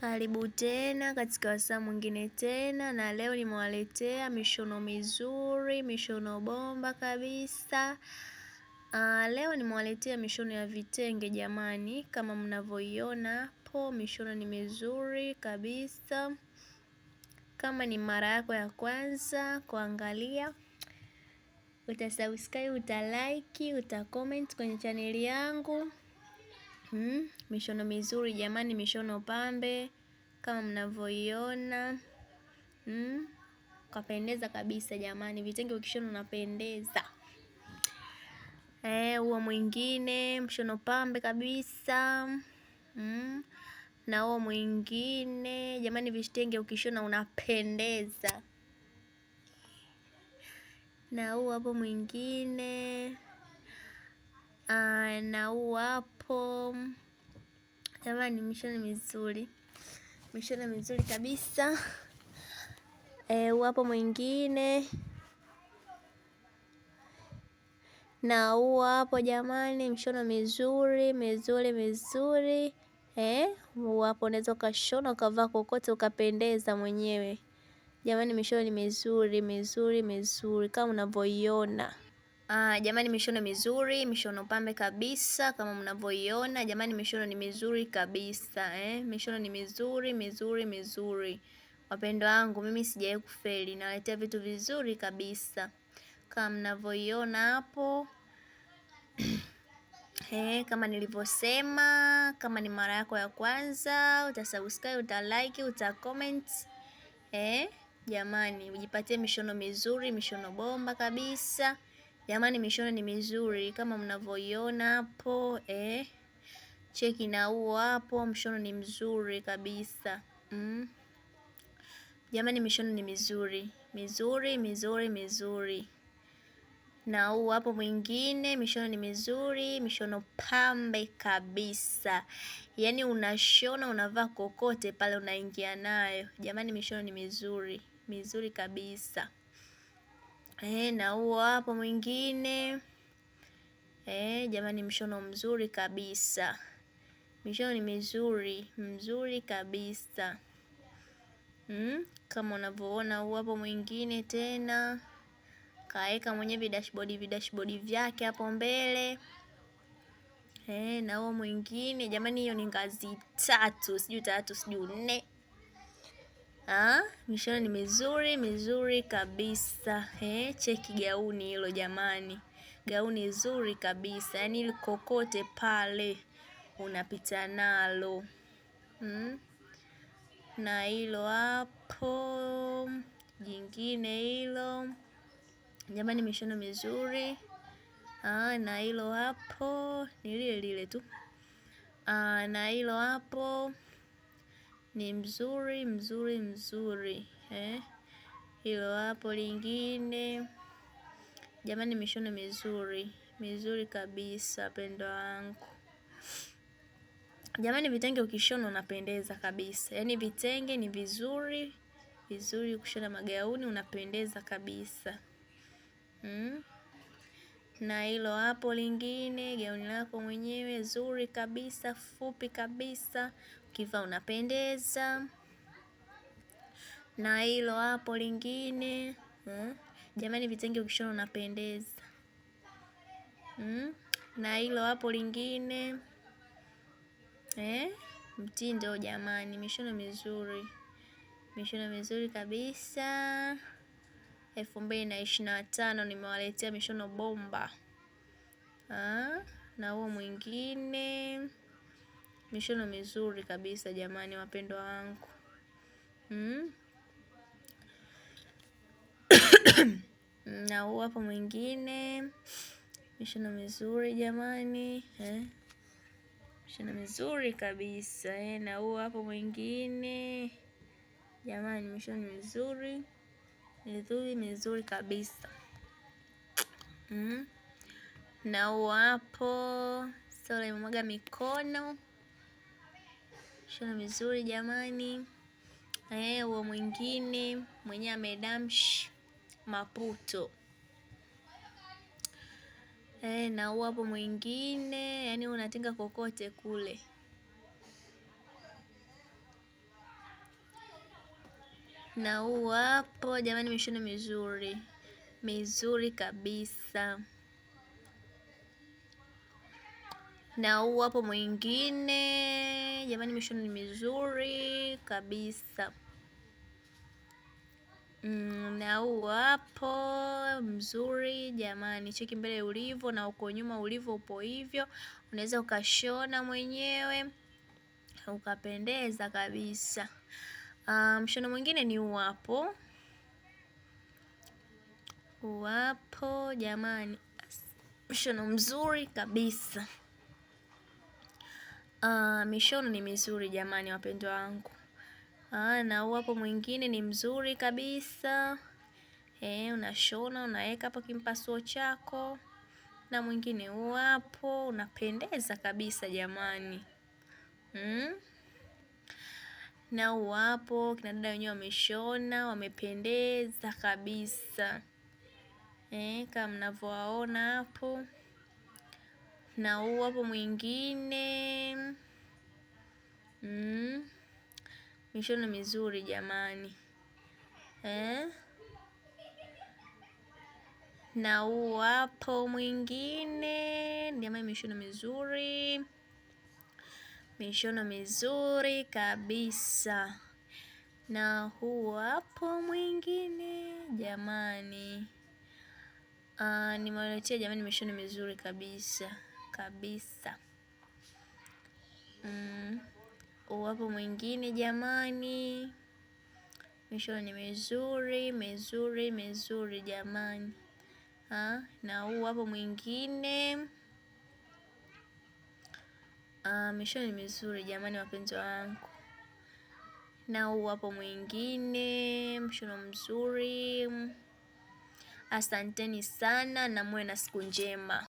Karibu tena katika wasaa mwingine tena, na leo nimewaletea mishono mizuri, mishono bomba kabisa. Uh, leo nimewaletea mishono ya vitenge jamani, kama mnavyoiona hapo, mishono ni mizuri kabisa. Kama ni mara yako ya kwanza kuangalia, utasubscribe, utalike, utacomment kwenye chaneli yangu. Hmm, mishono mizuri jamani, mishono pambe kama mnavyoiona. Hmm, kapendeza kabisa jamani, vitenge ukishona unapendeza. Eh, huo mwingine mshono pambe kabisa. Hmm, na huo mwingine jamani, vitenge ukishona unapendeza. Na huo hapo mwingine. Ah, na huu hapo jamani, mishono mizuri, mishono mizuri kabisa. E, uwapo mwingine na wapo jamani, mshono mizuri mizuri mizuri. E, uwapo unaweza ukashona ukavaa kokote ukapendeza mwenyewe. Jamani, mishono ni mizuri mizuri mizuri kama unavyoiona. Uh, jamani mishono mizuri, mishono pambe kabisa kama mnavyoiona. Jamani mishono ni mizuri kabisa eh? Mishono ni mizuri mizuri mizuri. Wapendo wangu, mimi sijawahi kufeli, nawaletea vitu vizuri kabisa kama mnavyoiona hapo. Eh, kama nilivyosema, kama ni mara yako ya kwanza, utasubscribe, utalike, utacomment. Eh, jamani ujipatie mishono mizuri, mishono bomba kabisa. Jamani, mishono ni mizuri kama mnavyoiona hapo eh. Cheki na huo hapo, mshono ni mzuri kabisa mm. Jamani, mishono ni mizuri mizuri mizuri mizuri, na huu hapo mwingine, mishono ni mizuri, mishono pambe kabisa, yaani unashona unavaa kokote pale unaingia nayo. Jamani, mishono ni mizuri mizuri kabisa. E, na huo hapo mwingine e, jamani, mshono mzuri kabisa, mishono ni mizuri mzuri kabisa mm? Kama unavyoona huo hapo mwingine tena kaeka mwenye vidashbodi vidashbodi vyake hapo mbele e, na huo mwingine jamani, hiyo ni ngazi tatu sijui tatu sijui nne. Ah, mishono ni mizuri mizuri kabisa. Eh, cheki gauni hilo jamani, gauni zuri kabisa, yaani kokote pale unapita nalo hmm? na hilo hapo jingine hilo jamani, mishono mizuri ah, na hilo hapo ni lile lile tu ah, na hilo hapo ni mzuri mzuri mzuri eh. Hilo hapo. Lingine jamani, mishono mizuri mizuri kabisa, pendo wangu jamani, vitenge ukishona unapendeza kabisa, yaani vitenge ni vizuri vizuri, kushona magauni unapendeza kabisa mm? na hilo hapo. Lingine gauni lako mwenyewe zuri kabisa, fupi kabisa. Ukivaa unapendeza. Na hilo hapo lingine hmm? Jamani, vitenge ukishona unapendeza hmm? Na hilo hapo lingine eh? Mtindo jamani, mishono mizuri, mishono mizuri kabisa. elfu mbili na ishirini na tano nimewaletea mishono bomba ha? Ah? Na huo mwingine Mishono mizuri kabisa jamani, wapendwa wangu hmm? na huu hapo mwingine, mishono mizuri jamani eh? Mishono mizuri kabisa eh? na huu hapo mwingine jamani, mishono mizuri mizuri mizuri kabisa hmm? na huu hapo sole, imemwaga mikono shona vizuri jamani. Eh, huo mwingine mwenye amedamsh Maputo. Eh, na huo hapo mwingine, yani unatenga kokote kule. Na huu hapo jamani, mishono mizuri mizuri kabisa. Na huu hapo mwingine Jamani, mishono ni mizuri kabisa. Mm, na huu hapo mzuri jamani, cheki mbele ulivyo na uko nyuma ulivyo, upo hivyo, unaweza ukashona mwenyewe ukapendeza kabisa. Ah, mshono um, mwingine ni huu hapo, huu hapo jamani, mshono mzuri kabisa. Ah, mishono ni mizuri jamani wapendwa wangu. Ah, na huu hapo mwingine ni mzuri kabisa. Eh, unashona, unaweka hapo kimpasuo chako. Na mwingine huu hapo, unapendeza kabisa jamani. Hmm? Na huu hapo, kina dada wenyewe wameshona, wamependeza kabisa. Eh, kama mnavyowaona hapo na huu hapo mwingine mm. Mishono mizuri jamani eh? na huu hapo mwingine jamani, mishono mizuri, mishono mizuri kabisa. Na huu hapo mwingine jamani. Uh, nimewaletea jamani mishono mizuri kabisa kabisa. Mm. Uwapo mwingine jamani, mishono ni mizuri mizuri mizuri jamani ha? Na huu hapo mwingine uh, ah, mishono ni mizuri jamani, wapenzi wangu. Na huu hapo mwingine mshono mzuri. Asanteni sana na muwe na siku njema.